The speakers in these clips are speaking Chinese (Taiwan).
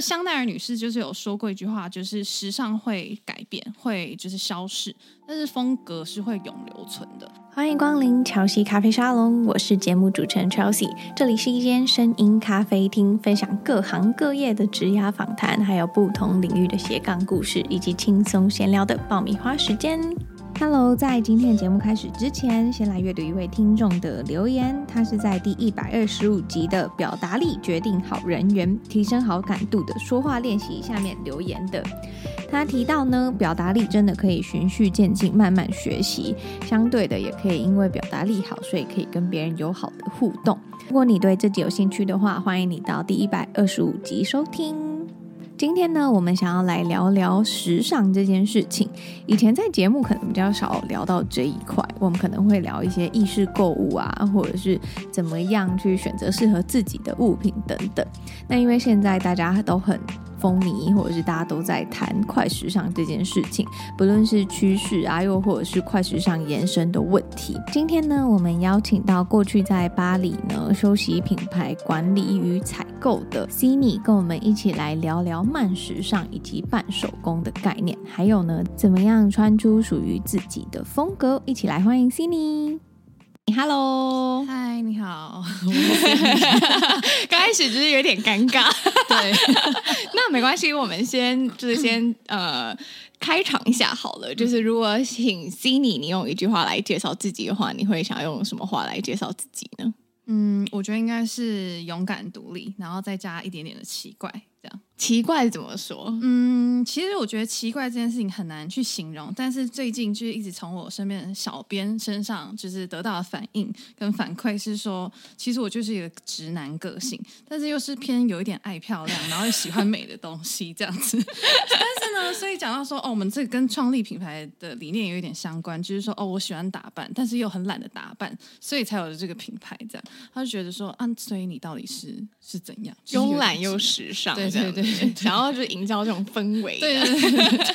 香奈兒女士就是有說過一句話，就是時尚會改變，會就是消逝，但是風格是會永留存的。歡迎光臨喬西咖啡沙龍，我是節目主持人喬西，這裡是一間聲音咖啡廳，分享各行各業的職涯訪談，還有不同領域的斜槓故事，以及輕鬆閒聊的爆米花時間。哈嘍，Hello, 在今天的節目開始之前，先來閱讀一位聽眾的留言。他是在第一百二十五集的“表達力決定好人緣，提升好感度”的說話練習下面留言的。他提到呢，表達力真的可以循序漸進，慢慢學習。相對的，也可以因為表達力好，所以可以跟別人友好的互動。如果你對這集有興趣的話，歡迎你到第一百二十五集收聽。今天呢，我們想要來聊聊時尚這件事情。以前在節目可能比較少聊到這一塊，我們可能會聊一些意識購物啊，或者是怎麼樣去選擇適合自己的物品等等。那因為現在大家都很風靡，或者是大家都在談快時尚這件事情，不論是趨勢啊，又或者是快時尚延伸的問題。今天呢，我們邀請到過去在巴黎呢修習品牌管理與採購的 Cindy，跟我們一起來聊聊慢時尚以及半手工的概念，還有呢，怎麼樣穿出屬於自己的風格。一起來歡迎 Cindy。Hello，嗨。Hi，你好。剛 開始就是有點尷尬， 對。 那沒關係，我們先就是先呃、嗯、開場一下好了。就是如果請 C 你，你用一句話來介紹自己的話，你會想用什麼話來介紹自己呢？嗯，我覺得應該是勇敢獨立，然後再加一點點的奇怪。這樣奇怪怎麼說？嗯，其實我覺得奇怪這件事情很難去形容，但是最近就是一直從我身邊小編身上就是得到的反應跟反饋是說，其實我就是一個直男個性，但是又是偏有一點愛漂亮，然後又喜歡美的東西這樣子。 但是呢，所以講到說哦，我們這個跟創立品牌的理念有一點相關，就是說哦，我喜歡打扮，但是又很懶得打扮，所以才有了這個品牌這樣。他就覺得說啊，所以你到底是是怎樣？慵懶又時尚。對對，對，對對想要就是營造這種氛圍。 對對對，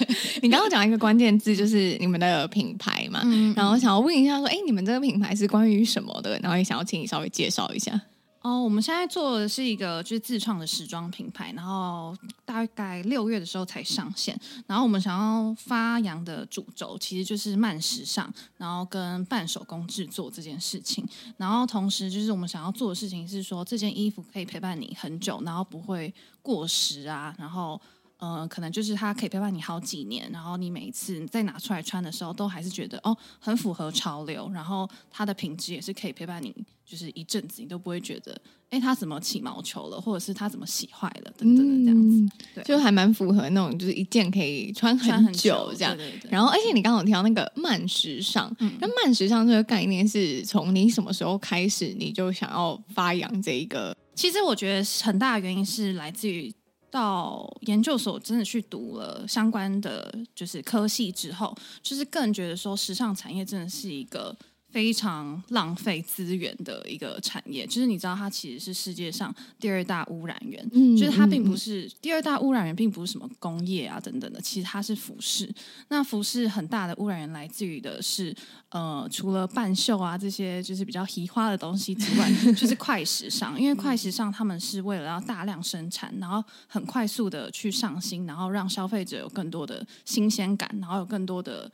對， 你剛剛講一個關鍵字，就是你們的品牌嘛，然後想要問一下說，哎，你們這個品牌是關於什麼的？然後也想要請你稍微介紹一下。哦，我們現在做的是一個就是自創的時裝品牌，然後大概六月的時候才上線。然後我們想要發揚的主軸其實就是慢時尚，然後跟半手工製作這件事情。然後同時就是我們想要做的事情是說，這件衣服可以陪伴你很久，然後不會。過時啊，然後嗯、呃，可能就是它可以陪伴你好幾年，然後你每一次再拿出來穿的時候，都還是覺得哦，很符合潮流，然後它的品質也是可以陪伴你，就是一陣子，你都不會覺得哎，它、欸、怎麼起毛球了，或者是它怎麼洗壞了等等的這樣子，嗯、對就還蠻符合那種就是一件可以穿很久，穿很久這樣。對對對，然後，而且你剛剛有提到那個慢時尚，嗯、那慢時尚這個概念是從你什麼時候開始，你就想要發揚這一個？其實我覺得很大的原因是來自於到研究所真的去讀了相關的就是科系之後，就是更覺得說時尚產業真的是一個非常浪費資源的一個產業，就是你知道，它其實是世界上第二大污染源。嗯，就是它並不是、嗯、第二大污染源，並不是什麼工業啊等等的，其實它是服飾。那服飾很大的污染源來自於的是，呃，除了半袖啊這些就是比較提花的東西之外，就是快時尚。 因為快時尚他們是為了要大量生產，然後很快速的去上新，然後讓消費者有更多的新鮮感，然後有更多的。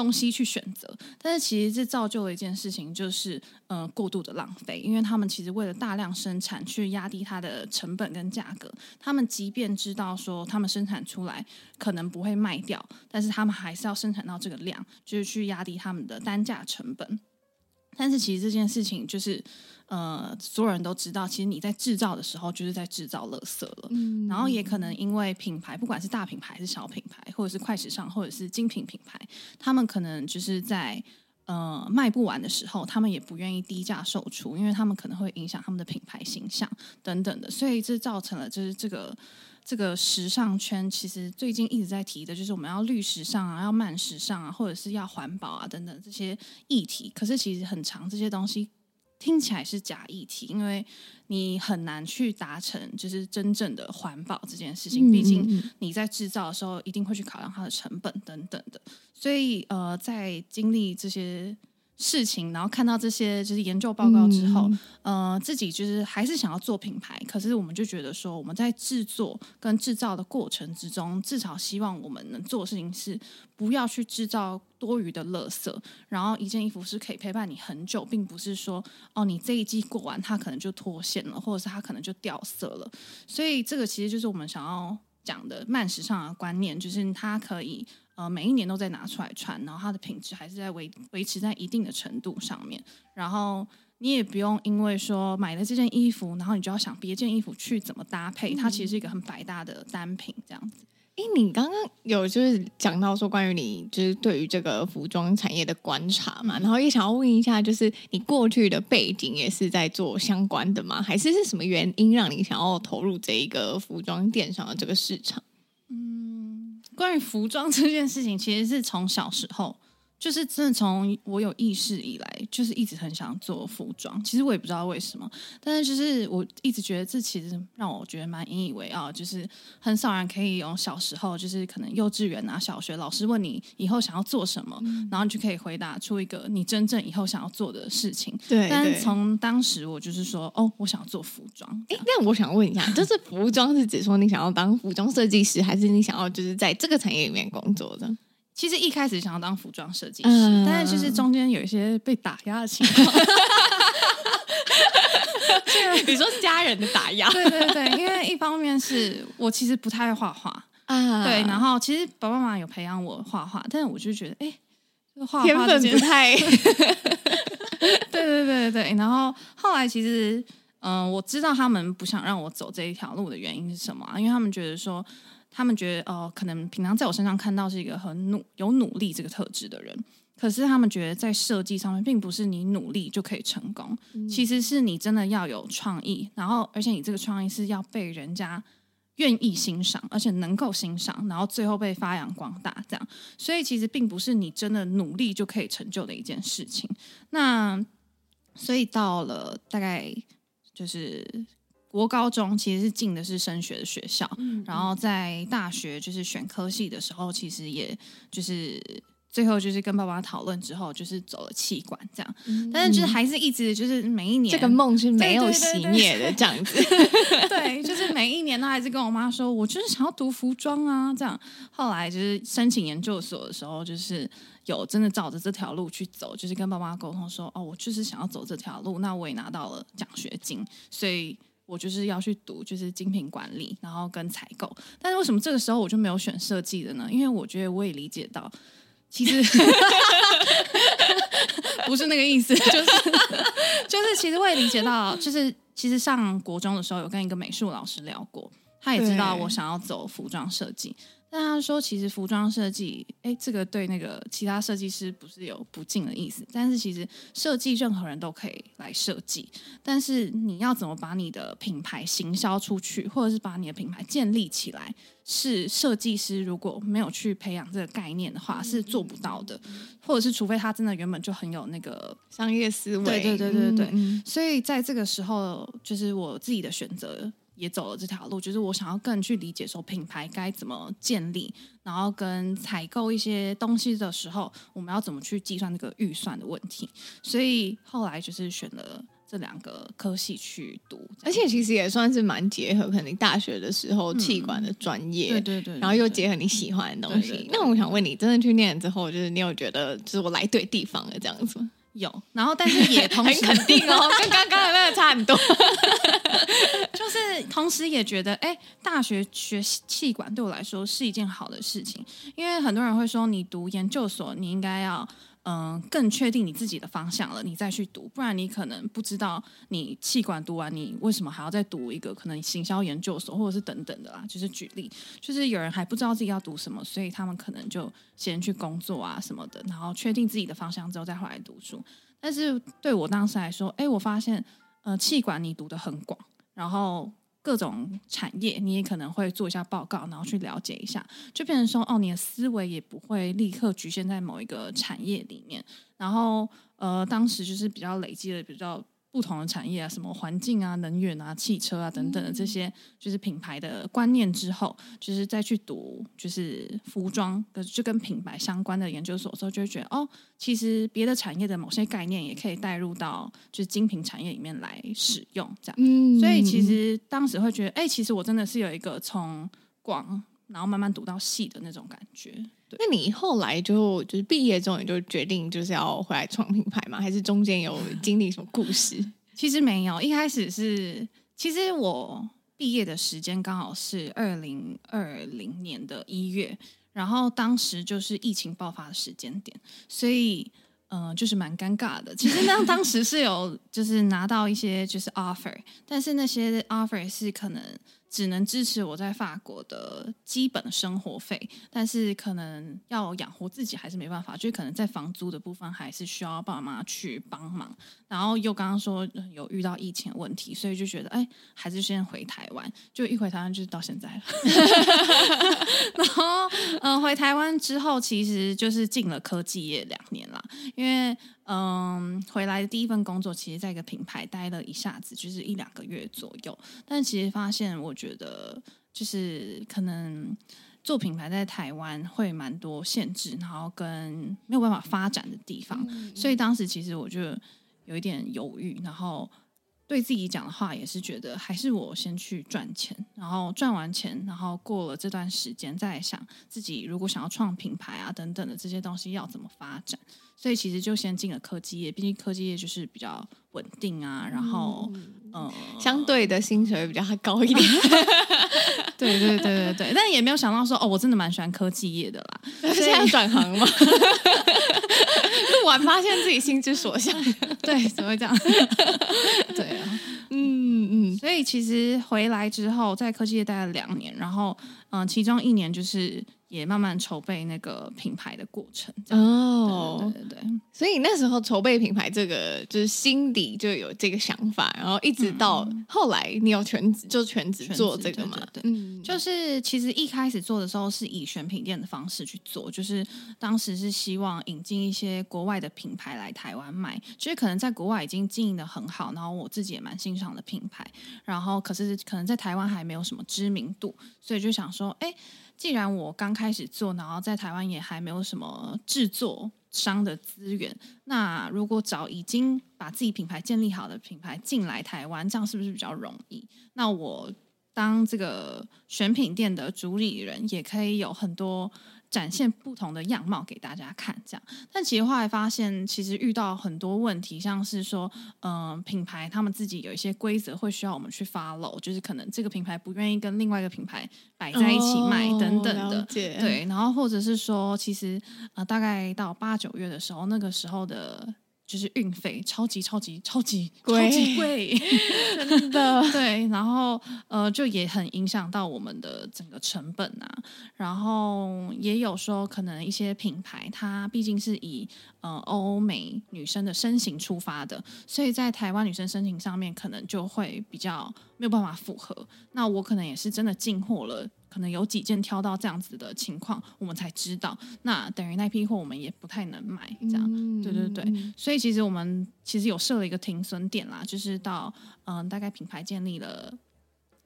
東西去選擇，但是其實這造就了一件事情，就是呃過度的浪費，因為他們其實為了大量生產去壓低它的成本跟價格，他們即便知道說他們生產出來可能不會賣掉，但是他們還是要生產到這個量，就是去壓低他們的單價成本。但是其實這件事情就是，呃，所有人都知道，其實你在製造的時候就是在製造垃圾了。嗯，然後也可能因為品牌，不管是大品牌還是小品牌，或者是快時尚，或者是精品品牌，他們可能就是在呃賣不完的時候，他們也不願意低價售出，因為他們可能會影響他們的品牌形象等等的，所以這造成了就是這個。這個時尚圈其實最近一直在提的，就是我們要綠時尚啊，要慢時尚啊，或者是要環保啊等等這些議題。可是其實很常，這些東西聽起來是假議題，因為你很難去達成，就是真正的環保這件事情。嗯、畢竟你在制造的時候一定會去考量它的成本等等的。所以呃，在經歷這些。事情，然後看到這些就是研究報告之後，嗯、呃，自己就是還是想要做品牌，可是我們就覺得說，我們在製作跟製造的過程之中，至少希望我們能做的事情是不要去製造多餘的垃圾，然後一件衣服是可以陪伴你很久，並不是說哦，你這一季過完它可能就脫線了，或者是它可能就掉色了，所以這個其實就是我們想要。講的慢時尚的觀念，就是它可以呃每一年都在拿出來穿，然後它的品質還是在維維持在一定的程度上面，然後你也不用因為說買了這件衣服，然後你就要想別件衣服去怎麼搭配，它其實是一個很百搭的單品，這樣子。哎，你剛剛有就是講到說，關於你就是對於這個服裝產業的觀察嘛，嗯，然後也想要問一下，就是你過去的背景也是在做相關的嗎？還是是什麼原因讓你想要投入這一個服裝電商的這個市場？嗯，關於服裝這件事情，其實是從小時候。就是自從我有意識以來，就是一直很想做服裝。其實我也不知道為什麼，但是就是我一直覺得這其實讓我覺得蠻引以為傲。就是很少人可以用小時候，就是可能幼稚園啊、小學老師問你以後想要做什麼，嗯、然後你就可以回答出一個你真正以後想要做的事情。對。但從當時我就是說，哦，我想要做服裝。哎，那、欸、我想問一下，就是服裝是指說你想要當服裝設計師，還是你想要就是在這個產業裡面工作的？其實一開始想要當服裝設計師，嗯、但是其實中間有一些被打壓的情況。比如說家人的打壓。對對對，因為一方面是我其實不太會畫畫啊，嗯、對，然後其實爸爸媽媽有培養我畫畫，但是我就覺得，哎、欸，畫畫天分不太。 對，對對對對，然後後來其實，嗯、呃，我知道他們不想讓我走這一條路的原因是什麼、啊，因為他們覺得說。他們覺得，哦、呃，可能平常在我身上看到是一個很努有努力這個特質的人，可是他們覺得在設計上面，並不是你努力就可以成功，嗯。其實是你真的要有創意，然後而且你這個創意是要被人家願意欣賞，而且能夠欣賞，然後最後被發揚光大，這樣。所以其實並不是你真的努力就可以成就的一件事情。那所以到了大概就是。國高中其實是進的是升學的學校，嗯、然後在大學就是選科系的時候，其實也就是最後就是跟爸爸討論之後，就是走了氣管這樣。嗯、但是就是還是一直就是每一年這個夢是沒有熄滅的這樣子。對，對，對，對， 對，就是每一年都還是跟我媽說，我就是想要讀服裝啊這樣。後來就是申請研究所的時候，就是有真的照着這條路去走，就是跟爸媽溝通說，哦，我就是想要走這條路，那我也拿到了獎學金，所以。我就是要去讀，就是精品管理，然後跟採購。但是為什麼這個時候我就沒有選設計的呢？因為我覺得我也理解到，其實 不是那個意思，就是就是其實我也理解到，就是其實上國中的時候有跟一個美術老師聊過，他也知道我想要走服裝設計。那他說，其實服裝設計，哎、欸，這個對那個其他設計師不是有不敬的意思。但是其實設計任何人都可以來設計，但是你要怎麼把你的品牌行銷出去，或者是把你的品牌建立起來，是設計師如果沒有去培養這個概念的話，是做不到的。或者是除非他真的原本就很有那個商業思維。對，對對對對對。嗯。所以在這個時候，就是我自己的選擇。也走了這條路，就是我想要更去理解說品牌該怎麼建立，然後跟採購一些東西的時候，我們要怎麼去計算那個預算的問題。所以後來就是選了這兩個科系去讀，而且其實也算是蠻結合，可能你大學的時候企管的專業、嗯，對對對、對、對，然後又結合你喜歡的東西。對對對對對。那我想問你，真的去念之後，就是你有覺得，就是我來對地方了這樣子有，然後但是也同時 肯定哦， 跟剛剛的那個差很多， 就是同時也覺得，哎，大學學企管對我來說是一件好的事情，因為很多人會說你讀研究所你應該要。嗯、呃，更確定你自己的方向了，你再去讀，不然你可能不知道你企管讀完你為什麼還要再讀一個可能行銷研究所或者是等等的啦，就是舉例，就是有人還不知道自己要讀什麼，所以他們可能就先去工作啊什麼的，然後確定自己的方向之後再回來讀書。但是對我當時來說，哎、欸，我發現呃企管你讀得很廣，然後。各種產業，你也可能會做一下報告，然後去了解一下，就變成說，哦，你的思維也不會立刻局限在某一個產業裡面。然後，呃，當時就是比較累積的比較。不同的產業啊，什麼環境啊、能源啊、汽車啊等等的這些，就是品牌的觀念之後，就是再去讀就是服裝，跟，就跟品牌相關的研究所的時候，就會覺得哦，其實別的產業的某些概念也可以帶入到就是精品產業裡面來使用，這樣。嗯，所以其實當時會覺得，哎、欸，其實我真的是有一個從廣。然後慢慢讀到細的那種感覺。那你後來就就是畢業之後，你就決定就是要回來創品牌嗎？還是中間有經歷什麼故事？ 其實沒有，一開始是其實我畢業的時間剛好是二零二零年的一月，然後當時就是疫情爆發的時間點，所以嗯、呃，就是蠻尷尬的。其實當當時是有就是拿到一些就是 offer， 但是那些 offer 是可能。只能支持我在法國的基本生活費，但是可能要養活自己還是沒辦法，所以可能在房租的部分還是需要爸媽去幫忙。然後又剛剛說有遇到疫情問題，所以就覺得哎、欸，還是先回台灣。就一回台灣就是到現在了。 然後嗯、呃，回台灣之後其實就是進了科技業兩年了，因為。嗯，回來的第一份工作，其實在一個品牌待了一下子，就是一兩個月左右。但其實發現，我覺得就是可能做品牌在台灣會蠻多限制，然後跟沒有辦法發展的地方。嗯、所以當時其實我就有一點猶豫，然後。對自己講的話也是覺得，還是我先去賺錢，然後賺完錢，然後過了這段時間，再想自己如果想要創品牌啊等等的這些東西要怎麼發展，所以其實就先進了科技業，畢竟科技業就是比較穩定啊，然後嗯，呃、相對的薪水比較高一點。 對，對對對對對， 但也沒有想到說哦，我真的蠻喜歡科技業的啦，所以要轉行嗎？ 晚發現自己心之所向， 對，怎麼會這樣？ 對啊，嗯嗯，所以其實回來之後，在科技業待了兩年，然後，嗯、呃，其中一年就是。也慢慢籌備那個品牌的過程哦，oh, 對對，對，對，所以那時候籌備品牌這個就是心底就有這個想法，然後一直到，嗯、後來你有全職就全職做這個嘛，對，對，對，嗯、就是其實一開始做的時候是以選品店的方式去做，就是當時是希望引進一些國外的品牌來台灣賣，就是可能在國外已經經營得很好，然後我自己也蠻欣賞的品牌，然後可是可能在台灣還沒有什麼知名度，所以就想說，哎、欸。既然我剛開始做，然後在台灣也還沒有什麼製作商的資源，那如果找已經把自己品牌建立好的品牌進來台灣，這樣是不是比較容易？那我當這個選品店的主理人，也可以有很多展現不同的樣貌給大家看，這樣。但其實後來發現，其實遇到很多問題，像是說，嗯、呃，品牌他們自己有一些規則，會需要我們去 follow，就是可能這個品牌不願意跟另外一個品牌擺在一起賣等等的。哦、對，然後或者是說，其實、呃、大概到八九月的時候，那個時候的。就是運費超級超級超級超級貴貴，真的 對，然後呃，就也很影響到我們的整個成本啊。然後也有說，可能一些品牌它畢竟是以呃歐美女生的身形出發的，所以在台灣女生身形上面可能就會比較沒有辦法符合。那我可能也是真的進貨了。可能有幾件挑到這樣子的情況，我們才知道。那等於那批貨我們也不太能買，這樣。嗯、對對對，所以其實我們其實有設了一個停損點啦，就是到嗯、呃、大概品牌建立了，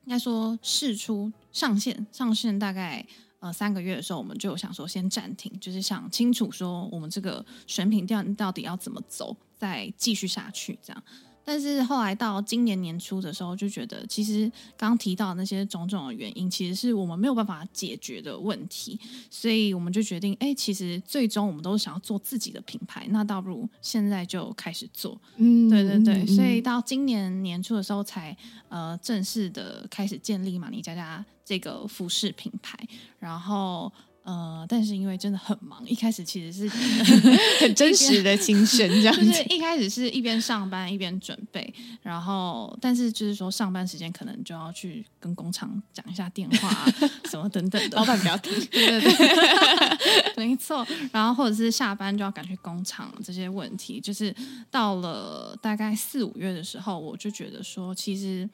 應該說試出上線上線大概呃三個月的時候，我們就有想說先暫停，就是想清楚說我們這個選品店到底要怎麼走，再繼續下去這樣。但是後來到今年年初的時候，就覺得其實剛提到的那些種種的原因，其實是我們沒有辦法解決的問題，所以我們就決定，誒、欸，其實最終我們都想要做自己的品牌，那倒不如現在就開始做。嗯，對對對，嗯、所以到今年年初的時候才，才呃正式的開始建立瑪尼佳佳這個服飾品牌，然後。呃，但是因為真的很忙，一開始其實是 很真實的精神，這樣子。就是一開始是一邊上班一邊準備，然後但是就是說上班時間可能就要去跟工廠講一下電話、啊、 什麼等等的，老板比較聽， 對對對， 沒錯。然後或者是下班就要趕去工廠，這些問題就是到了大概四五月的時候，我就覺得說其實。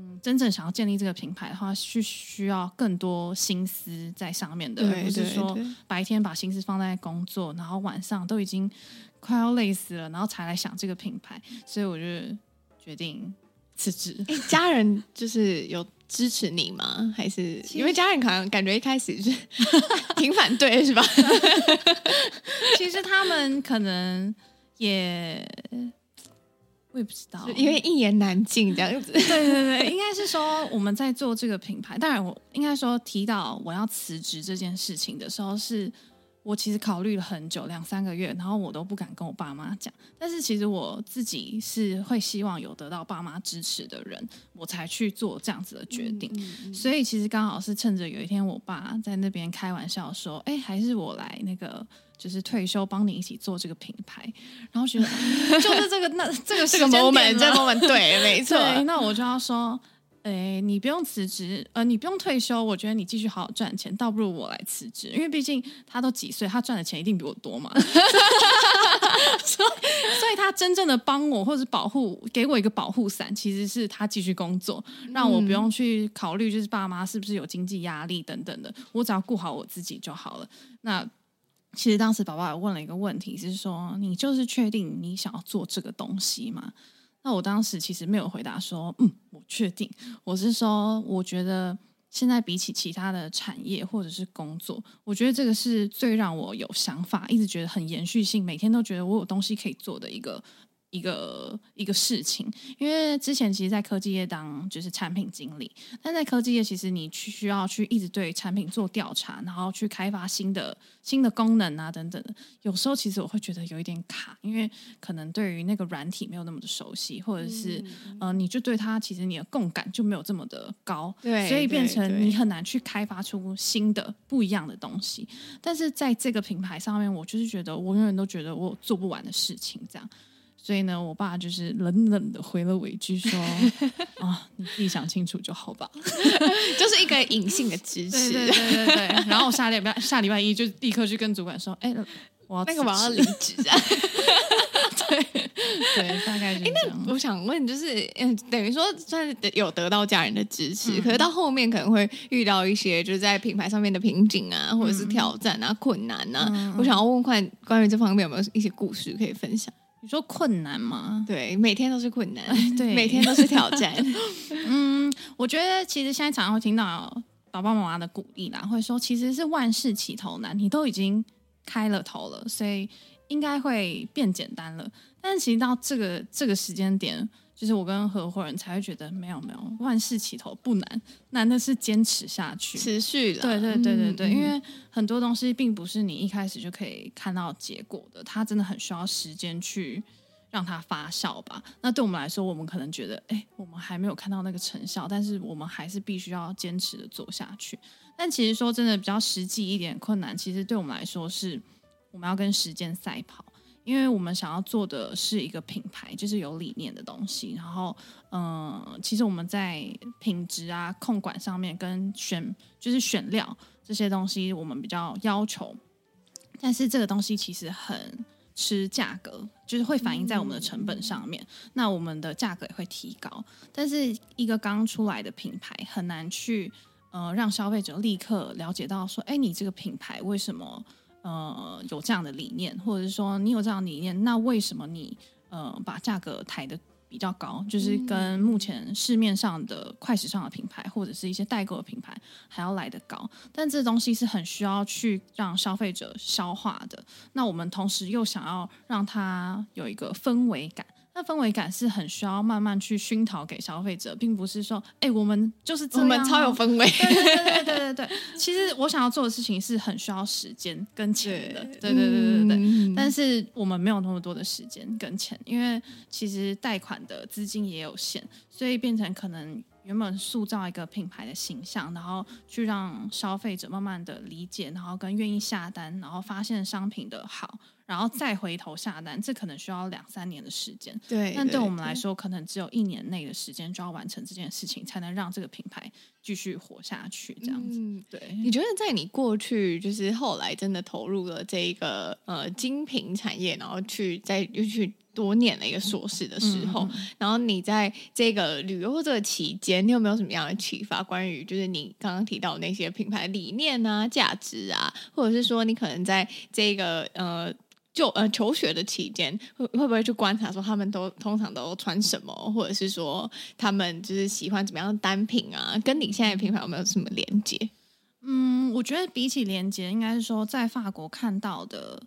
嗯，真正想要建立這個品牌的話，是需要更多心思在上面的，而不是說白天把心思放在工作，然後晚上都已經快要累死了，然後才來想這個品牌。所以我就決定辭職。誒，家人就是有支持你嗎？還是實因為家人可能感覺一開始是挺反對， 是吧？ 其實他們可能也。因為一言難盡這樣子。 對對對，應該是說我們在做這個品牌。當然，我應該說提到我要辭職這件事情的時候是。我其實考慮了很久，兩三個月，然後我都不敢跟我爸媽講。但是其實我自己是會希望有得到爸媽支持的人，我才去做這樣子的決定。嗯嗯、所以其實剛好是趁着有一天我爸在那邊開玩笑說：“哎，還是我來那個，就是退休幫你一起做這個品牌。”然後覺得、嗯、就是這個那這個是個 moment，這 moment，對，沒錯對。那我就要說。對、欸、你不用辭職，呃，你不用退休，我覺得你繼續好好賺錢，倒不如我來辭職，因為畢竟他都幾歲，他賺的錢一定比我多嘛。 所以，所以他真正的幫我或是保護，給我一個保護傘，其實是他繼續工作，讓我不用去考慮，就是爸媽是不是有經濟壓力等等的，我只要顧好我自己就好了。那其實當時寶寶也問了一個問題，是說你就是確定你想要做這個東西嗎？那我當時其實沒有回答說，嗯，我確定。我是說，我覺得現在比起其他的產業或者是工作，我覺得這個是最讓我有想法，一直覺得很延續性，每天都覺得我有東西可以做的一個。一個一個事情，因為之前其實，在科技業當就是產品經理，但在科技業其實你需要去一直對產品做調查，然後去開發新的新的功能啊等等的。有時候其實我會覺得有一點卡，因為可能對於那個軟體沒有那麼的熟悉，或者是、嗯呃、你就對它其實你的共感就沒有這麼的高，對，所以變成你很難去開發出新的不一樣的東西。但是在這個品牌上面，我就是覺得我永遠都覺得我做不完的事情這樣。所以呢，我爸就是冷冷的回了我一句說：“ 啊，你自己想清楚就好吧。 ”就是一個隱性的支持，對對，對對對對。 然後下禮拜下禮拜一就立刻去跟主管說：“哎、欸，我要，那個我要離職、啊。 對”對對，大概就這樣。是、欸。因為我想問，就是嗯，等於說算是有得到家人的支持，嗯、可是到後面可能會遇到一些就是在品牌上面的瓶頸啊，或者是挑戰啊、嗯、困難啊。嗯、我想要問看，快關於這方面有沒有一些故事可以分享？你說困難嗎？對，每天都是困難，哎、對，每天都是挑戰。 嗯，我覺得其實現在常常會聽到爸爸媽媽的鼓勵啦，會說其實是萬事起頭難，你都已經開了頭了，所以應該會變簡單了。但是其實到這個這個時間點。就是我跟合夥人，才會覺得沒有沒有，萬事起頭不難，難的是堅持下去，持續的，對對對對對，嗯，因為很多東西並不是你一開始就可以看到結果的，它真的很需要時間去讓它發酵吧。那對我們來說，我們可能覺得，哎，我們還沒有看到那個成效，但是我們還是必須要堅持的做下去。但其實說真的，比較實際一點，困難其實對我們來說是，我們要跟時間賽跑。因為我們想要做的是一個品牌，就是有理念的東西。然後，嗯、呃，其實我們在品質啊、控管上面跟選，就是選料這些東西，我們比較要求。但是這個東西其實很吃價格，就是會反映在我們的成本上面。嗯、那我們的價格也會提高。但是一個剛出來的品牌，很難去呃讓消費者立刻了解到說，誒，你這個品牌為什麼？呃，有這樣的理念，或者說你有這樣的理念，那為什麼你呃把價格抬得比較高，就是跟目前市面上的快時尚的品牌或者是一些代購的品牌還要來得高？但這東西是很需要去讓消費者消化的。那我們同時又想要讓它有一個氛圍感。那氛圍感是很需要慢慢去熏陶給消費者，並不是說，哎，我們就是我們超有氛圍。對對對。其實我想要做的事情是很需要時間跟錢的，對對對對對。但是我們沒有那麼多的時間跟錢，因為其實貸款的資金也有限，所以變成可能。原本塑造一個品牌的形象，然後去讓消費者慢慢的理解，然後跟願意下單，然後發現商品的好，然後再回頭下單，這可能需要兩三年的時間。對，但對我們來說，對可能只有一年內的時間就要完成這件事情，才能讓這個品牌繼續活下去。這樣子，嗯，對。你覺得在你過去就是後來真的投入了這一個呃精品產業，然後去再又去。多年的一個碩士的時候，嗯嗯嗯、然後你在這個旅遊或者這個期間，你有沒有什麼樣的啟發？關於就是你剛剛提到那些品牌理念啊、價值啊，或者是說你可能在這個呃就呃求學的期間，會會不會去觀察說他們都通常都穿什麼，或者是說他們就是喜歡怎麼樣的單品啊，跟你現在的品牌有沒有什麼連接？嗯，我覺得比起連接，應該是說在法國看到的。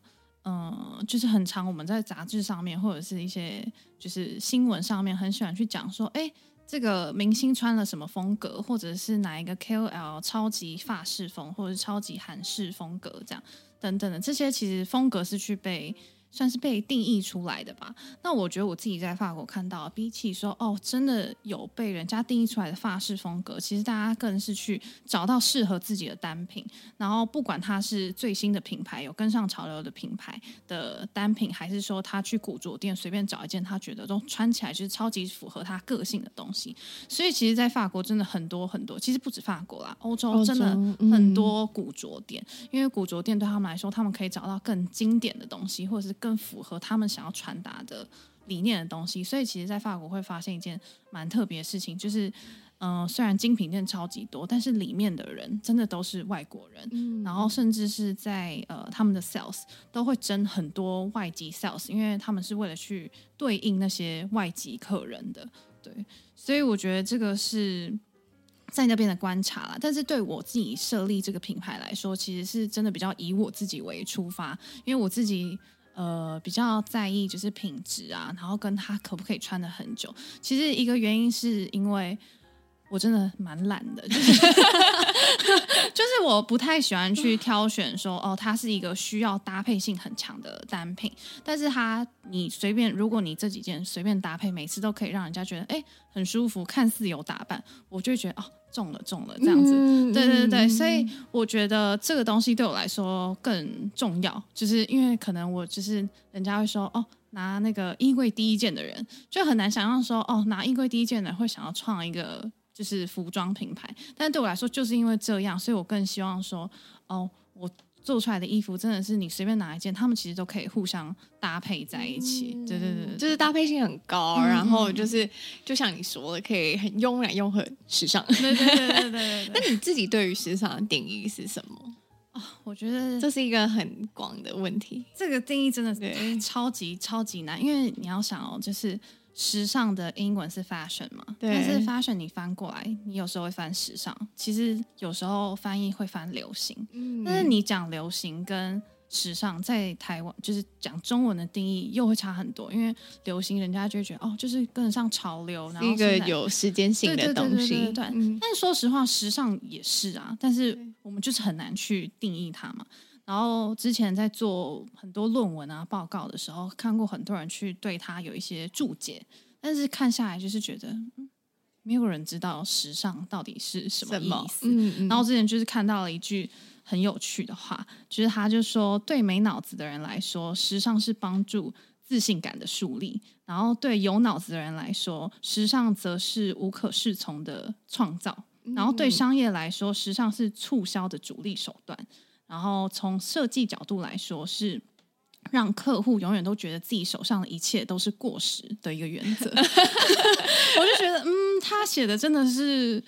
嗯，就是很常我們在雜誌上面或者是一些就是新聞上面很喜歡去講說，誒，這個明星穿了什麼風格，或者是哪一個 KOL 超級法式風，或者是超級韓式風格這樣等等的這些，其實風格是去被，算是被定義出來的吧。那我覺得我自己在法國看到，比起說哦，真的有被人家定義出來的法式風格，其實大家更是去找到適合自己的單品。然後不管它是最新的品牌，有跟上潮流的品牌的單品，還是說他去古着店隨便找一件，他覺得都穿起來就是超級符合他個性的東西。所以其實，在法國真的很多很多，其實不止法國啦，歐洲真的很多古着店，嗯、因為古着店對他們來說，他們可以找到更經典的東西，或者是。更符合他們想要傳達的理念的東西，所以其實，在法國會發現一件蠻特別的事情，就是，嗯、呃，雖然精品店超級多，但是裡面的人真的都是外國人，嗯、然後甚至是在呃他們的 sales 都會徵很多外籍 sales，因為他們是為了去對應那些外籍客人的，對，所以我覺得這個是在那邊的觀察啦。但是對我自己設立這個品牌來說，其實是真的比較以我自己為出發，因為我自己。呃，比較在意就是品質啊，然後跟他可不可以穿的很久。其實一個原因是因為，我真的蠻懶的，就是 就是我不太喜歡去挑選說哦，它是一個需要搭配性很強的單品，但是它你隨便，如果你這幾件隨便搭配，每次都可以讓人家覺得哎、欸、很舒服，看似有打扮，我就覺得哦中了中了這樣子，嗯、對對對，所以我覺得這個東西對我來說更重要，就是因為可能我就是人家會說哦拿那個衣櫃第一件的人，就很難想象說哦拿衣櫃第一件的人會想要創一個。就是服裝品牌，但對我來說，就是因為這樣，所以我更希望說，哦，我做出來的衣服真的是你隨便拿一件，他們其實都可以互相搭配在一起。嗯、對,對對對，就是搭配性很高。嗯、然後就是，就像你說的，可以很慵懶又很時尚。對對對對,對,對,對,對 那你自己對於時尚的定義是什麼啊？我覺得這是一個很廣的問題。這個定義真的是對超級超級難，因為你要想哦，就是。時尚的英文是 fashion 嘛，對但是 fashion，你翻過來，你有時候會翻時尚。其實有時候翻譯會翻流行。嗯，但是你講流行跟時尚在台灣，就是講中文的定義又會差很多。因為流行，人家就會覺得哦，就是跟得上潮流，然後一個有時間性的東西。但是對對對對對。但說實話，時尚也是啊，但是我們就是很難去定義它嘛。然後之前在做很多論文啊、報告的時候，看過很多人去對他有一些注解，但是看下來就是覺得，嗯、沒有人知道時尚到底是什麼意思。嗯嗯、然後之前就是看到了一句很有趣的話，就是他就說，對沒腦子的人來說，時尚是幫助自信感的樹立；然後對有腦子的人來說，時尚則是無可適從的創造；然後對商業來說，時尚是促銷的主力手段。然後從設計角度來說，是讓客戶永遠都覺得自己手上的一切都是過時的一個原則。 我就覺得，嗯，他寫的真的是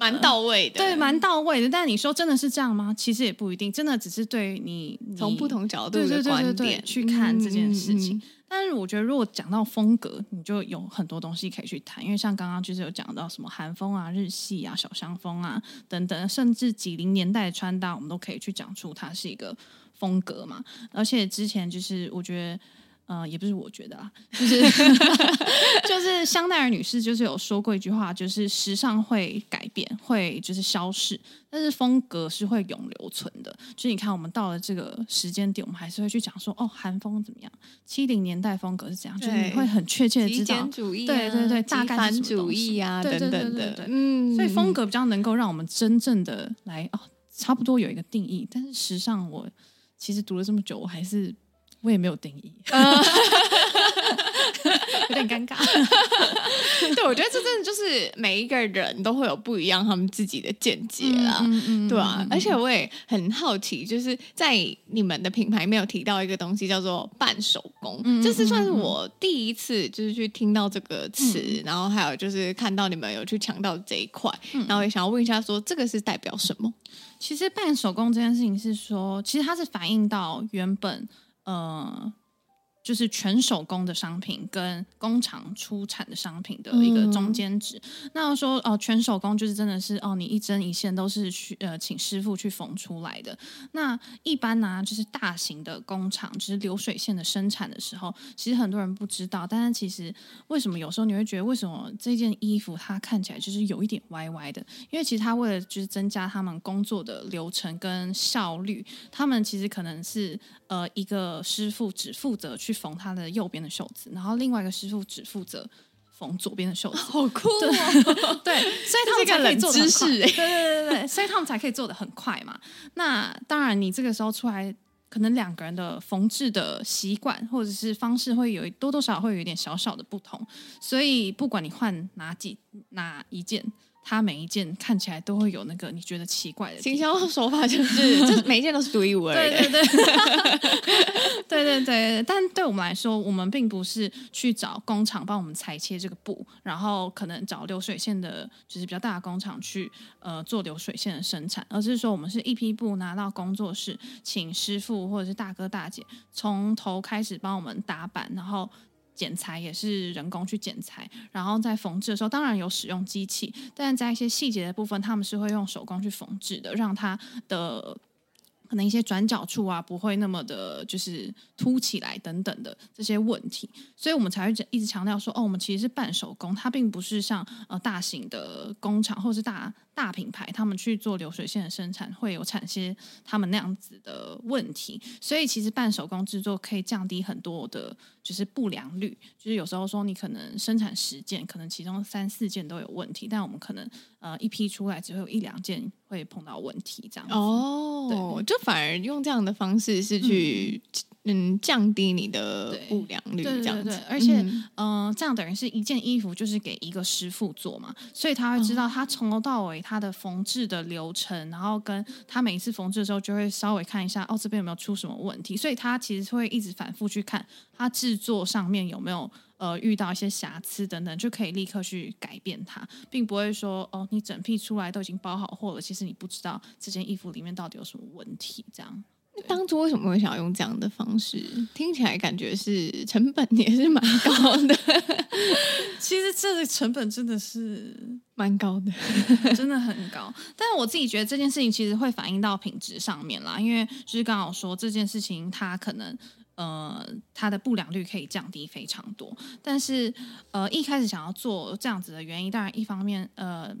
蠻到位的。呃，對，蠻到位的。但你說真的是這樣嗎？其實也不一定，真的只是對你，你從不同角度的觀點，對對對對對，去看這件事情。嗯嗯嗯但是我覺得，如果講到風格，你就有很多東西可以去談。因為像剛剛就是有講到什麼韓風啊、日系啊、小香風啊等等，甚至幾零年代的穿搭，我們都可以去講出它是一個風格嘛。而且之前就是我覺得。呃，也不是我覺得，啊， 就是 就是香奈兒女士就是有說過一句話，就是時尚會改變，會就是消逝，但是風格是會永留存的。所以你看，我們到了這個時間點，我們還是會去講說，哦，韓風怎麼樣？七零年代風格是怎樣？對就是你會很確切的知道，啊、對對對，極簡、啊、主義啊，等等的，對對對對對嗯，所以風格比較能夠讓我們真正的來哦，差不多有一個定義。但是時尚我，我其實讀了這麼久，我還是。我也沒有定義，有點尷尬。對，我覺得這真的就是每一個人都會有不一樣他們自己的見解啦，對啊，而且我也很好奇，就是在你們的品牌沒有提到一個東西叫做半手工，這是算是我第一次就是去聽到這個詞，然後還有就是看到你們有去強調這一塊，然後也想要問一下，說這個是代表什麼？其實半手工這件事情是說，其實它是反映到原本。呃，就是全手工的商品跟工廠出產的商品的一個中間值。嗯、那說哦，呃，全手工就是真的是哦，你一針一線都是去呃，請師傅去縫出來的。那一般呢，啊，就是大型的工廠，其實流水線的生產的時候，其實很多人不知道。但是其實為什麼有時候你會覺得為什麼這件衣服它看起來就是有一點歪歪的？因為其實它為了就是增加他們工作的流程跟效率，他們其實可能是。呃，一個師傅只負責去縫他的右邊的袖子，然後另外一個師傅只負責縫左邊的袖子。哦、好酷哦、啊！對， 所以他們才可以做對對，對對對，所以他們才可以做的很快嘛。那當然，你這個時候出來，可能兩個人的縫制的習慣或者是方式會有多多少少會有一點小小的不同。所以，不管你換哪幾哪一件。他每一件看起來都會有那個你覺得奇怪的行銷手法，就是這 每一件都是獨一無二的，對對對， 對對對。但對我們來說，我們並不是去找工廠幫我們裁切這個布，然後可能找流水線的，就是比較大的工廠去呃做流水線的生產，而是說我們是一批布拿到工作室，請師傅或者是大哥大姐從頭開始幫我們打板，然後。剪裁也是人工去剪裁，然後在縫制的時候，當然有使用機器，但在一些細節的部分，他們是會用手工去縫制的，讓它的。可能一些轉角處啊，不會那麼的，就是凸起來等等的這些問題，所以我們才會一直強調說，哦，我們其實是半手工，它並不是像呃大型的工廠或者是大大品牌，他們去做流水線的生產，會有產些他們那樣子的問題。所以其實半手工製作可以降低很多的，就是不良率，就是有時候說你可能生產十件，可能其中三四件都有問題，但我們可能呃一批出來只會有一兩件。會碰到問題這樣子哦，對就反而用這樣的方式是去嗯，嗯降低你的不良率這樣子，而且嗯、呃、這樣等於是一件衣服就是給一個師傅做嘛，所以他會知道他從頭到尾他的縫製的流程，嗯、然後跟他每一次縫製的時候就會稍微看一下哦，這邊有沒有出什麼問題，所以他其實會一直反覆去看他制作上面有沒有。呃，遇到一些瑕疵等等，就可以立刻去改變它，並不會說哦，你整批出來都已經包好貨了，其實你不知道這件衣服裡面到底有什麼問題。這樣，當初為什麼會想要用這樣的方式？聽起來感覺是成本也是蠻高的。 其實這個成本真的是蠻高的， 真的很高。但是我自己覺得這件事情其實會反映到品質上面啦，因為就是剛好說這件事情，它可能。呃，它的不良率可以降低非常多，但是呃，一開始想要做這樣子的原因，當然一方面呃，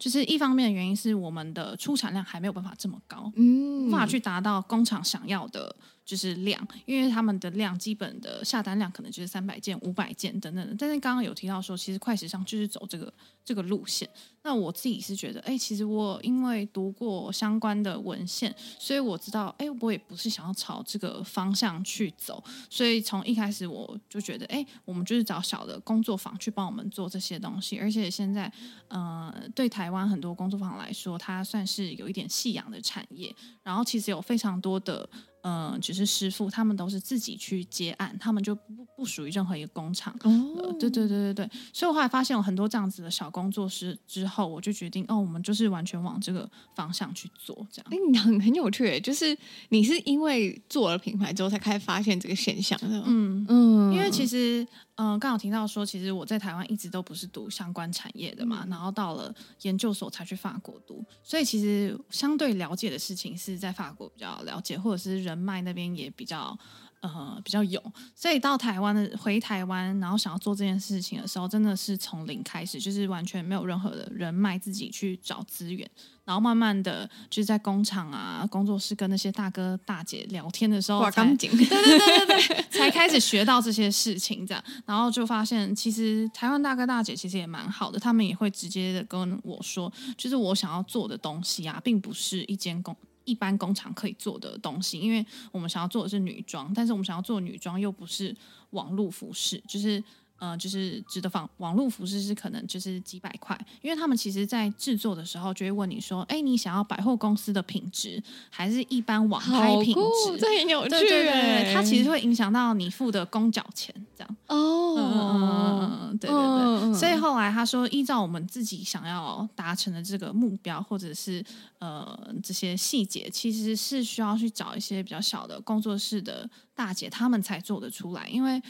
就是一方面的原因是我們的出產量還沒有辦法這麼高，嗯，無法去達到工廠想要的。就是量，因為他們的量基本的下單量可能就是三百件、五百件等等的。但是剛剛有提到說，其實快時尚就是走這個這個路線。那我自己是覺得，哎、欸，其實我因為讀過相關的文獻，所以我知道，哎、欸，我也不是想要朝這個方向去走。所以從一開始我就覺得，哎、欸，我們就是找小的工作坊去幫我們做這些東西。而且現在，嗯、呃，對台灣很多工作坊來說，它算是有一點夕陽的產業。然後其實有非常多的。嗯、呃，只是師傅他們都是自己去接案，他們就不不屬於任何一個工廠。哦、oh.，對對對對對，所以我後來發現有很多這樣子的小工作室之後，我就決定哦、呃，我們就是完全往這個方向去做，這樣。哎、欸，很很有趣，就是你是因為做了品牌之後才開始發現這個現象的。嗯對嗎嗯，嗯因為其實嗯，剛好聽到說，其實我在台灣一直都不是讀相關產業的嘛，嗯、然後到了研究所才去法國讀，所以其實相對了解的事情是在法國比較了解，或者是人。人脈那邊也比較呃比較有，所以到台灣的回台灣，然後想要做這件事情的時候，真的是從零開始，就是完全沒有任何的人脈，自己去找資源，然後慢慢的就是在工廠啊、工作室跟那些大哥大姐聊天的時候，才對對對對對， 才開始學到這些事情這樣，然後就發現其實台灣大哥大姐其實也蠻好的，他們也會直接的跟我說，就是我想要做的東西啊，並不是一間工一般工廠可以做的東西，因為我們想要做的是女裝，但是我們想要做女裝又不是網絡服飾，就是。呃，就是值得仿網絡服飾是可能就是幾百塊，因為他們其實在製作的時候就會問你說，哎、欸，你想要百貨公司的品質，還是一般網拍品質？這很有趣，欸。對對對，它其實會影響到你付的工腳錢這樣。哦，oh, 嗯嗯，對對對。Oh. 所以後來他說，依照我們自己想要達成的這個目標，或者是呃這些細節，其實是需要去找一些比較小的工作室的大姐，他們才做得出來，因為。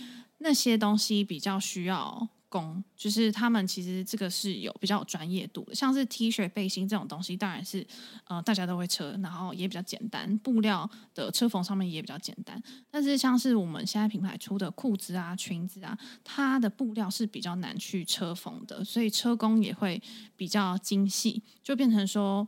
那些東西比較需要工，就是他們其實這個是有比較有專業度的，像是 T 恤、背心這種東西，當然是呃大家都會車，然後也比較簡單，布料的車縫上面也比較簡單。但是像是我們現在品牌出的褲子啊、裙子啊，它的布料是比較難去車縫的，所以車工也會比較精細，就變成說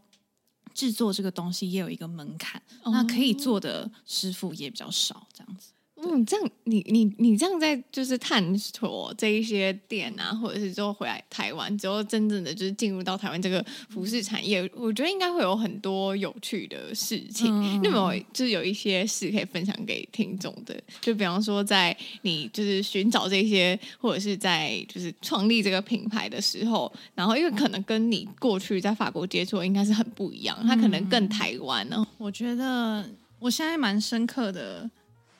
製作這個東西也有一個門檻，那可以做的師傅也比較少，這樣子。嗯，這樣你你你這樣在就是探索這一些店啊，或者是之後回來台灣，之後真正的就是進入到台灣這個服飾產業，嗯、我覺得應該會有很多有趣的事情。嗯、那麽就是有一些事可以分享給聽眾的，就比方說在你就是尋找這些，或者是在就是創立這個品牌的時候，然後因為可能跟你過去在法國接觸應該是很不一樣，它、嗯、可能更台灣呢、啊。我覺得我現在蠻深刻的。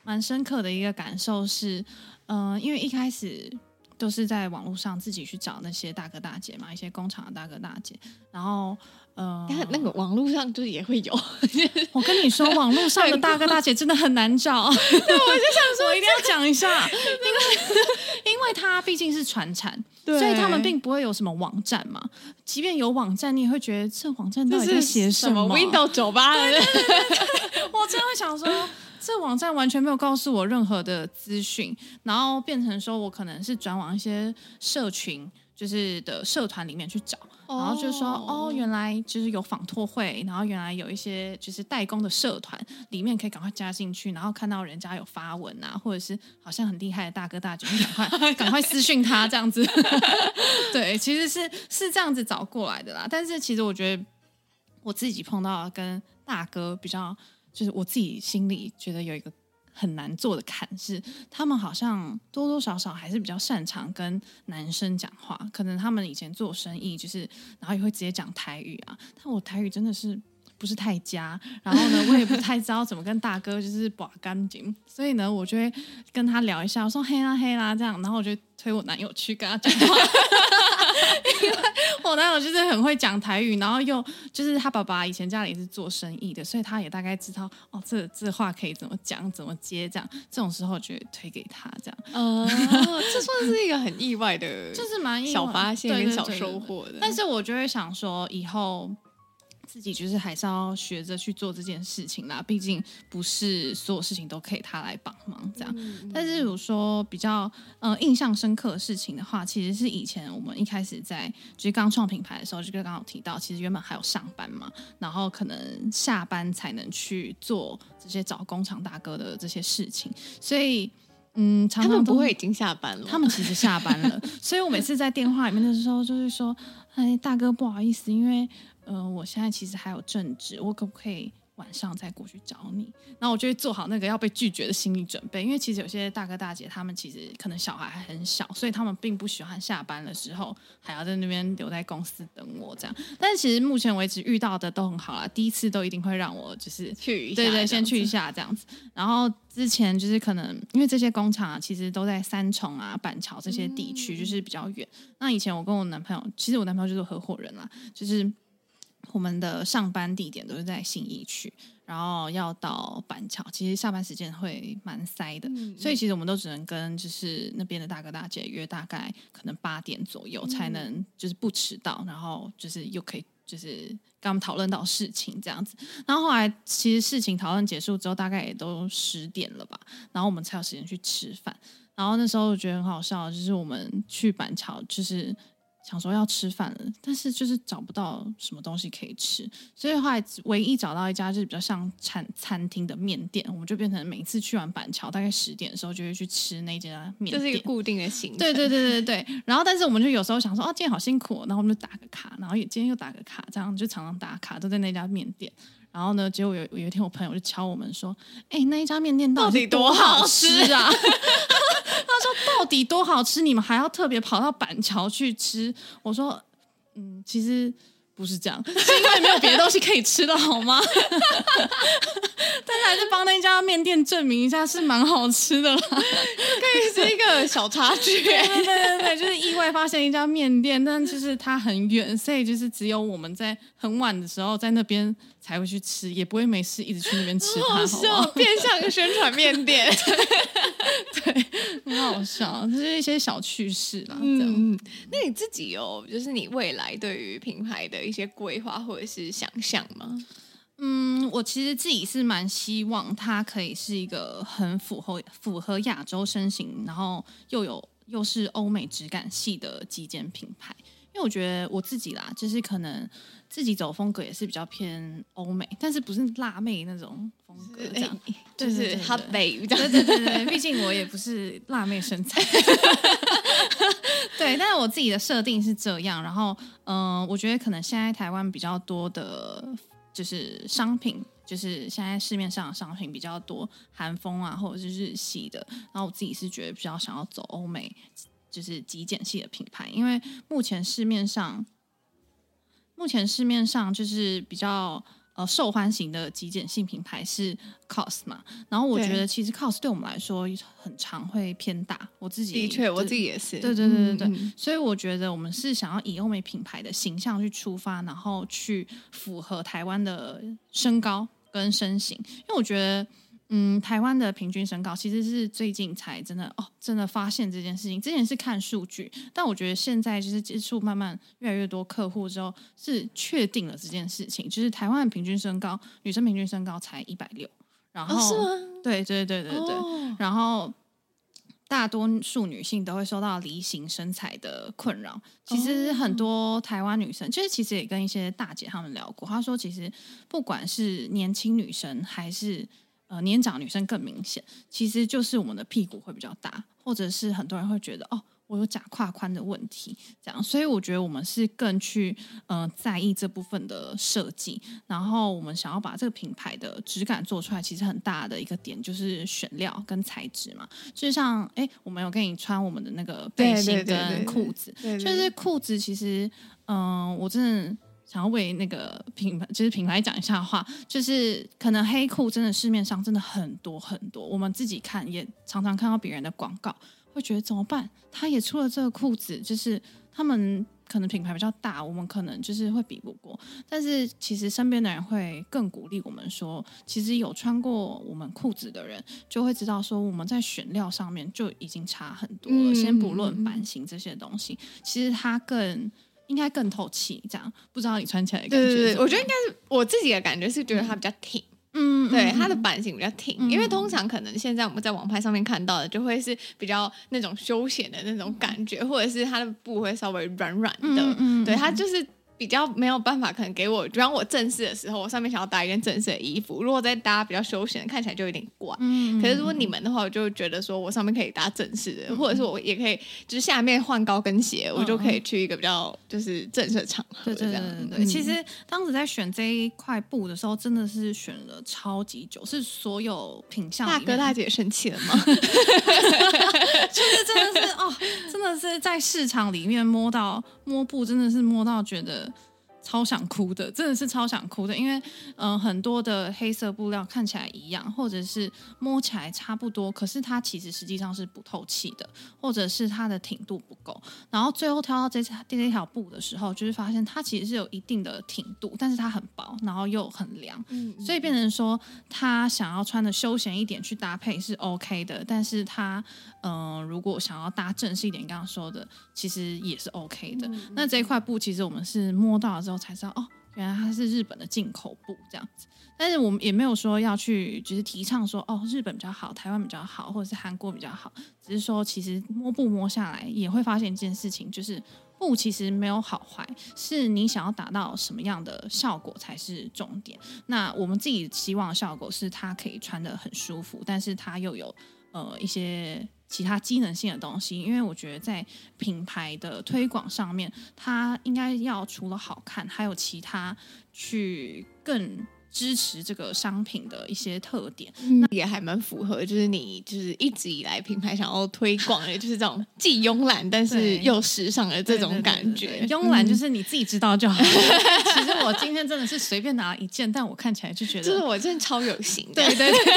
蠻深刻的一個感受是，嗯、呃，因為一開始都是在網絡上自己去找那些大哥大姐嘛，一些工廠的大哥大姐，然後，嗯、呃，那個網絡上就也會有。就是、我跟你說，網絡上的大哥大姐真的很難找。 對，我就想說，我一定要講一下， 因為因為他畢竟是傳產，對所以他們並不會有什麼網站嘛。即便有網站，你也會覺得這網站到底在寫什麼？這是什麼，Window 酒吧？ 我真的會想說。這網站完全沒有告訴我任何的資訊，然後變成說我可能是轉往一些社群，就是的社團裡面去找，然後就說、oh. 哦，原來就是有紡拓會，然後原來有一些就是代工的社團裡面可以趕快加進去，然後看到人家有發文啊，或者是好像很厲害的大哥大姐，趕快 趕快私訊他這樣子， 對，其實是是這樣子找過來的啦。但是其實我覺得我自己碰到跟大哥比較。就是我自己心裡覺得有一個很難做的坎，是他們好像多多少少還是比較擅長跟男生講話，可能他們以前做生意就是，然後也會直接講台語啊。但我台語真的是不是太佳，然後呢，我也不太知道怎麼跟大哥就是博感情，所以呢，我就會跟他聊一下，我說嘿啦嘿啦這樣，然後我就推我男友去跟他講話。 因為我男友就是很會講台語，然後又就是他爸爸以前家裡也是做生意的，所以他也大概知道哦，這這話可以怎麼講、怎麼接這樣。這種時候就會推給他這樣。哦， 這算是一個很意外的，就是蠻意外的小發現跟小收穫的。但是我就會想說以後。自己就是還是要學着去做這件事情啦，畢竟不是所有事情都可以他來幫忙這樣。嗯嗯、但是如果說比較嗯、呃、印象深刻的事情的話，其實是以前我們一開始在就是剛創品牌的時候，就跟、是、剛好提到，其實原本還有上班嘛，然後可能下班才能去做這些找工廠大哥的這些事情。所以嗯，常常他們不會已經下班了，他們其實下班了。 所以我每次在電話裡面的時候，就是說，哎，大哥不好意思，因為。呃，我現在其實還有正職。我可不可以晚上再過去找你？那我就會做好那個要被拒絕的心理準備，因為其實有些大哥大姐他們其實可能小孩還很小，所以他們並不喜歡下班的時候還要在那邊留在公司等我這樣。但是其實目前為止遇到的都很好了，第一次都一定會讓我就是去一下。對，對對，先去一下這樣子。然後之前就是可能因為這些工廠啊，其實都在三重啊、板橋這些地區，就是比較遠。嗯、那以前我跟我男朋友，其實我男朋友就是合夥人啦，就是。我們的上班地點都是在信義區，然後要到板橋，其實下班時間會蠻塞的，嗯，所以其實我們都只能跟就是那邊的大哥大姐約大概可能八點左右，嗯，才能就是不遲到，然後就是又可以就是跟他們討論到事情這樣子。然後後來其實事情討論結束之後，大概也都十點了吧，然後我們才有時間去吃飯。然後那時候我覺得很好笑，就是我們去板橋就是。想說要吃飯了，但是就是找不到什麼東西可以吃，所以後來唯一找到一家就是比較像餐餐廳的麵店，我們就變成每次去完板橋大概十點的時候就會去吃那家麵店，這是一個固定的行程。對對對對對。然後，但是我們就有時候想說，哦，今天好辛苦哦，然後我們就打個卡，然後也今天又打個卡，這樣就常常打卡都在那家麵店。然後呢，結果有有一天，我朋友就敲我們說，哎、欸，那一家麵店到底是多好吃啊？到底多好吃啊？ 他說：“到底多好吃？你們還要特別跑到板橋去吃？”我說：“嗯，其實不是這樣，是因為沒有別的東西可以吃的好嗎？” 但是還是幫那家麵店證明一下是蠻好吃的了， 可以是一個小插曲。 對，對，對對對，就是意外發現一家麵店，但就是它很遠，所以就是只有我們在很晚的時候在那邊。才會去吃，也不會沒事一直去那邊吃。很好笑，好好變相宣傳麵店。 對， 對，很好笑，這、就是一些小趣事啦。嗯，這樣。那你自己有，就是你未來對於品牌的一些規劃或者是想象嗎？嗯，我其實自己是蠻希望它可以是一個很符合符合亞洲身形，然後又有又是歐美質感系的極簡品牌。因為我覺得我自己啦，就是可能。自己走風格也是比較偏歐美，但是不是辣妹那種風格，是這樣、欸、就是 hot babe，對對對對，畢竟我也不是辣妹身材， 對。但是我自己的設定是這樣，然後嗯、呃，我覺得可能現在台灣比較多的，就是商品，就是現在市面上的商品比較多，韓風啊或者是日系的，然後我自己是覺得比較想要走歐美，就是極簡系的品牌，因為目前市面上。目前市面上就是比較呃受歡迎的極簡性品牌是 COS 嘛，然後我覺得其實 COS 對我們來說很常會偏大，我自己的確，我自己也是，對對，對對對對對，嗯，所以我覺得我們是想要以歐美品牌的形象去出發，然後去符合台灣的身高跟身形，因為我覺得。嗯，台灣的平均身高其實是最近才真的哦，真的發現這件事情。之前是看數據，但我覺得現在就是接觸慢慢越來越多客戶之後，是確定了這件事情。就是台灣的平均身高，女生平均身高才一百六，然後對、哦、是嗎？對對對對對，oh. 然後大多數女性都會受到梨形身材的困擾。其實很多台灣女生，其實、oh. 其實也跟一些大姐她們聊過，她說其實不管是年輕女生還是呃，年長女生更明顯，其實就是我們的屁股會比較大，或者是很多人會覺得哦，我有假胯寬的問題，這樣。所以我覺得我們是更去嗯在意這部分的設計，然後我們想要把這個品牌的質感做出來，其實很大的一個點就是選料跟材質嘛。就像哎，我們有跟你穿我們的那個背心跟褲子，就是褲子其實嗯，我真的。想要為那個品牌，就是品牌講一下話，就是可能黑褲真的市面上真的很多很多，我們自己看也常常看到別人的廣告，會覺得怎麼辦？他也出了這個褲子，就是他們可能品牌比較大，我們可能就是會比不過。但是其實身邊的人會更鼓勵我們說，其實有穿過我們褲子的人就會知道，說我們在選料上面就已經差很多了。嗯，先不論版型這些東西，其實它更。應該更透氣，這樣不知道你穿起來的感覺。對對對，我覺得應該是我自己的感覺是覺得它比較挺，嗯，對，它的版型比較挺，嗯，因為通常可能現在我們在網拍上面看到的就會是比較那種休閒的那種感覺，或者是它的布會稍微軟軟的，嗯嗯，對，它就是。比較沒有辦法，可能給我，比如我正式的時候，我上面想要搭一件正式的衣服。如果再搭比較休閒的，看起來就有點怪。嗯、嗯、嗯。可是如果你們的話，我就覺得說我上面可以搭正式的，嗯嗯，或者是我也可以，就是下面換高跟鞋，我就可以去一個比較就是正式的場合這樣、嗯。對對對,對、嗯、其實當時在選這一塊布的時候，真的是選了超級久，是所有品相。大哥大姐生氣了嗎？ 就是真的是哦，真的是在市場裡面摸到摸布，真的是摸到覺得。超想哭的，真的是超想哭的，因為嗯、呃，很多的黑色布料看起來一樣，或者是摸起來差不多，可是它其實實際上是不透氣的，或者是它的挺度不夠。然後最後挑到這次這，這條布的時候，就是發現它其實是有一定的挺度，但是它很薄，然後又很涼，嗯、嗯，所以變成說，它想要穿的休閒一點去搭配是 OK 的，但是它嗯、呃，如果想要搭正式一點，剛剛說的其實也是 OK 的。嗯嗯，那這一塊布其實我們是摸到了之後。才知道哦，原來它是日本的進口布這樣子，但是我們也沒有說要去，就是提倡說哦，日本比較好，台灣比較好，或者是韓國比較好，只是說其實摸布摸下來也會發現一件事情，就是布其實沒有好壞，是你想要達到什麼樣的效果才是重點。那我們自己希望的效果是它可以穿得很舒服，但是它又有呃一些。其他機能性的東西，因為我覺得在品牌的推廣上面，它應該要除了好看，還有其他去更。支持這個商品的一些特點，那也還蠻符合，就是你就是一直以來品牌想要推廣的，就是這種既慵懶但是又時尚的這種感覺。對對對對對，慵懶就是你自己知道就好。嗯、其實我今天真的是隨便拿了一件， 但我看起來就覺得，就是我真的超有型。 對，對對對，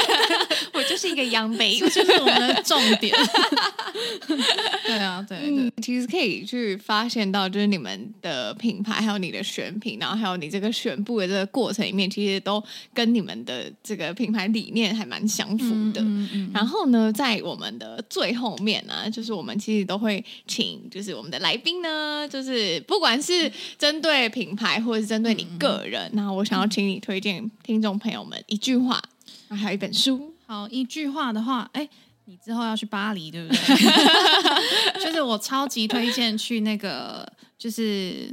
我就是一個楊梅， 就是我們的重點。 對啊，對、對、嗯，其實可以去發現到，就是你們的品牌，還有你的選品，然後還有你這個選布的這個過程裡面，其實都。都跟你們的這個品牌理念還蠻相符的。然後呢，在我們的最後面呢、啊，就是我們其實都會請，就是我們的來賓呢，就是不管是針對品牌，或者是針對你個人，那我想要請你推薦聽眾朋友們一句話，還有一本書、嗯嗯嗯。好，一句話的話，哎、欸，你之後要去巴黎，對不對？ 就是我超級推薦去那個，就是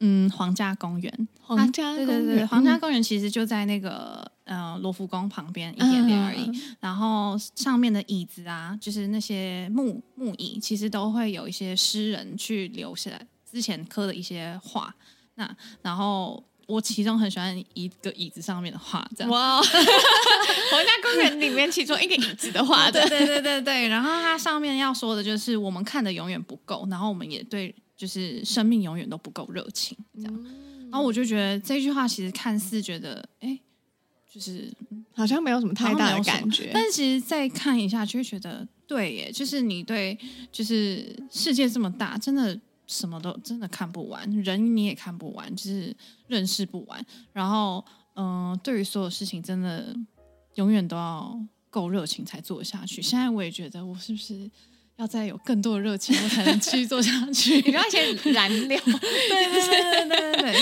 嗯，皇家公園。皇家、啊、對對對，皇家公園、嗯、其實就在那個呃羅浮宮旁邊一點點而已。啊啊啊、然後上面的椅子啊，就是那些木木椅，其實都會有一些詩人去留下來之前刻的一些畫。那然後我其中很喜歡一個椅子上面的畫，這樣哇、哦， 皇家公園裡面其中一個椅子的畫， 對，對對對對對。然後它上面要說的就是我們看的永遠不夠，然後我們也對就是生命永遠都不夠熱情，這樣。然後我就覺得這句話其實看似覺得，誒，就是好像沒有什麼太大的感覺。但其實再看一下，就覺得對耶，就是你對，就是世界這麼大，真的什麼都真的看不完，人你也看不完，就是認識不完。然後，嗯、呃，對於所有事情，真的永遠都要夠熱情才做下去。現在我也覺得，我是不是？要再有更多的熱情，我才能繼續做下去。 你不要一些燃料， 對，對，對對對對。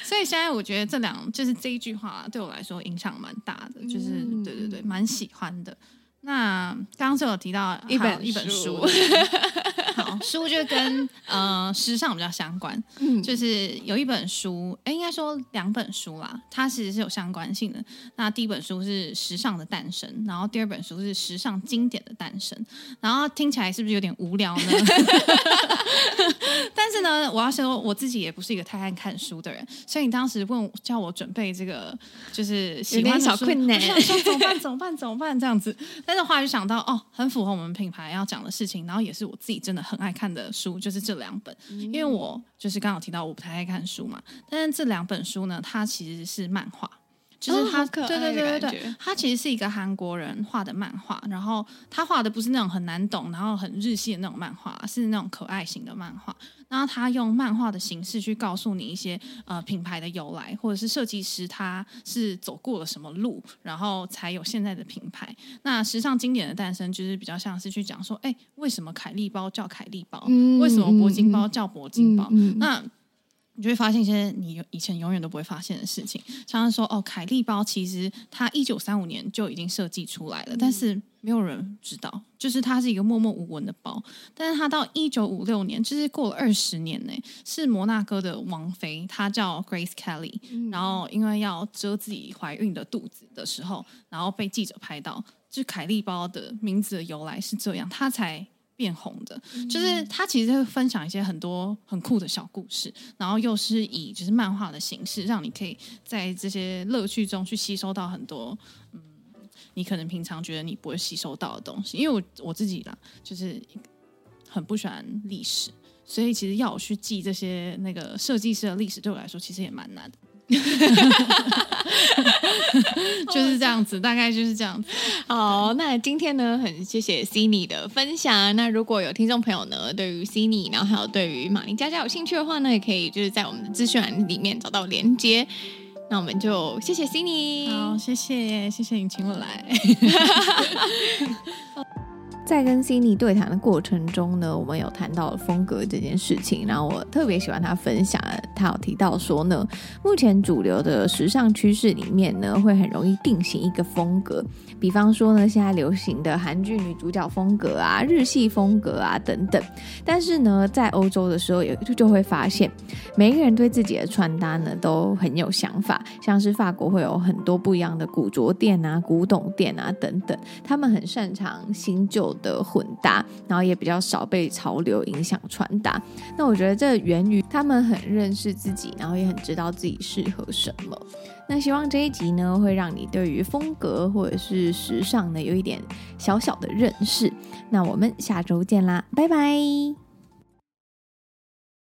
所以現在我覺得這兩，就是這一句話對我來說影響蠻大的，就是對對對，蠻喜歡的。那剛剛是有提到一本一本書，本書，書就跟呃時尚比較相關，就是有一本書，哎，應該說兩本書啦，它其實是有相關性的。那第一本書是時尚的誕生，然後第二本書是時尚經典的誕生。然後聽起來是不是有點無聊呢？ 但是呢，我要說我自己也不是一個太愛看書的人，所以你當時問叫我準備這個，就是喜歡的有點小困難，想說怎麼辦？怎麼辦？怎麼辦？這樣子。的話就想到哦，很符合我們品牌要講的事情，然後也是我自己真的很愛看的書，就是這兩本，嗯、因為我就是剛好提到我不太愛看書嘛，但是這兩本書呢，它其實是漫畫。就是他、哦、可對對，對對對，他其實是一個韓國人畫的漫畫，然後他畫的不是那種很難懂，然後很日系的那種漫畫，是那種可愛型的漫畫。然後他用漫畫的形式去告訴你一些呃品牌的由來，或者是設計師他是走過了什麼路，然後才有現在的品牌。那時尚經典的誕生就是比較像是去講說，哎、欸，為什麼凱莉包叫凱莉包？嗯、為什麼鉑金包叫鉑金包？嗯、那你就會發現一些你以前永遠都不會發現的事情，常常說哦，凱利包其實它一九三五年就已經設計出來了，嗯、但是沒有人知道，就是它是一個默默無聞的包。但是它到一九五六年，就是過了二十年呢，是摩納哥的王妃，她叫 Grace Kelly、嗯、然後因為要遮自己懷孕的肚子的時候，然後被記者拍到，就凱利包的名字的由來是這樣，她才。變紅的，就是他其實會分享一些很多很酷的小故事，然後又是以就是漫畫的形式，讓你可以在這些樂趣中去吸收到很多，嗯，你可能平常覺得你不會吸收到的東西。因為我我自己啦，就是很不喜歡歷史，所以其實要我去記這些那個設計師的歷史，對我來說其實也蠻難的。 就是這樣子， 大概就是這樣子。好，那今天呢，很謝謝 Cindy 的分享。那如果有聽眾朋友呢，對於 Cindy 然後還有對於 MANICHIACHIA 有興趣的話呢，也可以就是在我們的資訊欄裡面找到連結。那我們就謝謝 Cindy。好，謝謝，謝謝你請我來。 在跟 Cindy 對談的過程中呢，我們有談到風格這件事情，然後我特別喜歡他分享，他有提到說呢，目前主流的時尚趨勢裡面呢，會很容易定型一個風格，比方說呢，現在流行的韓劇女主角風格啊、日系風格啊等等，但是呢，在歐洲的時候也就會發現，每一個人對自己的穿搭呢都很有想法，像是法國會有很多不一樣的古着店啊、古董店啊等等，他們很擅長新舊。的混搭，然後也比較少被潮流影響穿搭。那我覺得這源於他們很認識自己，然後也很知道自己適合什麼。那希望這一集呢，會讓你對於風格或者是時尚呢有一點小小的認識。那我們下周見啦，拜拜。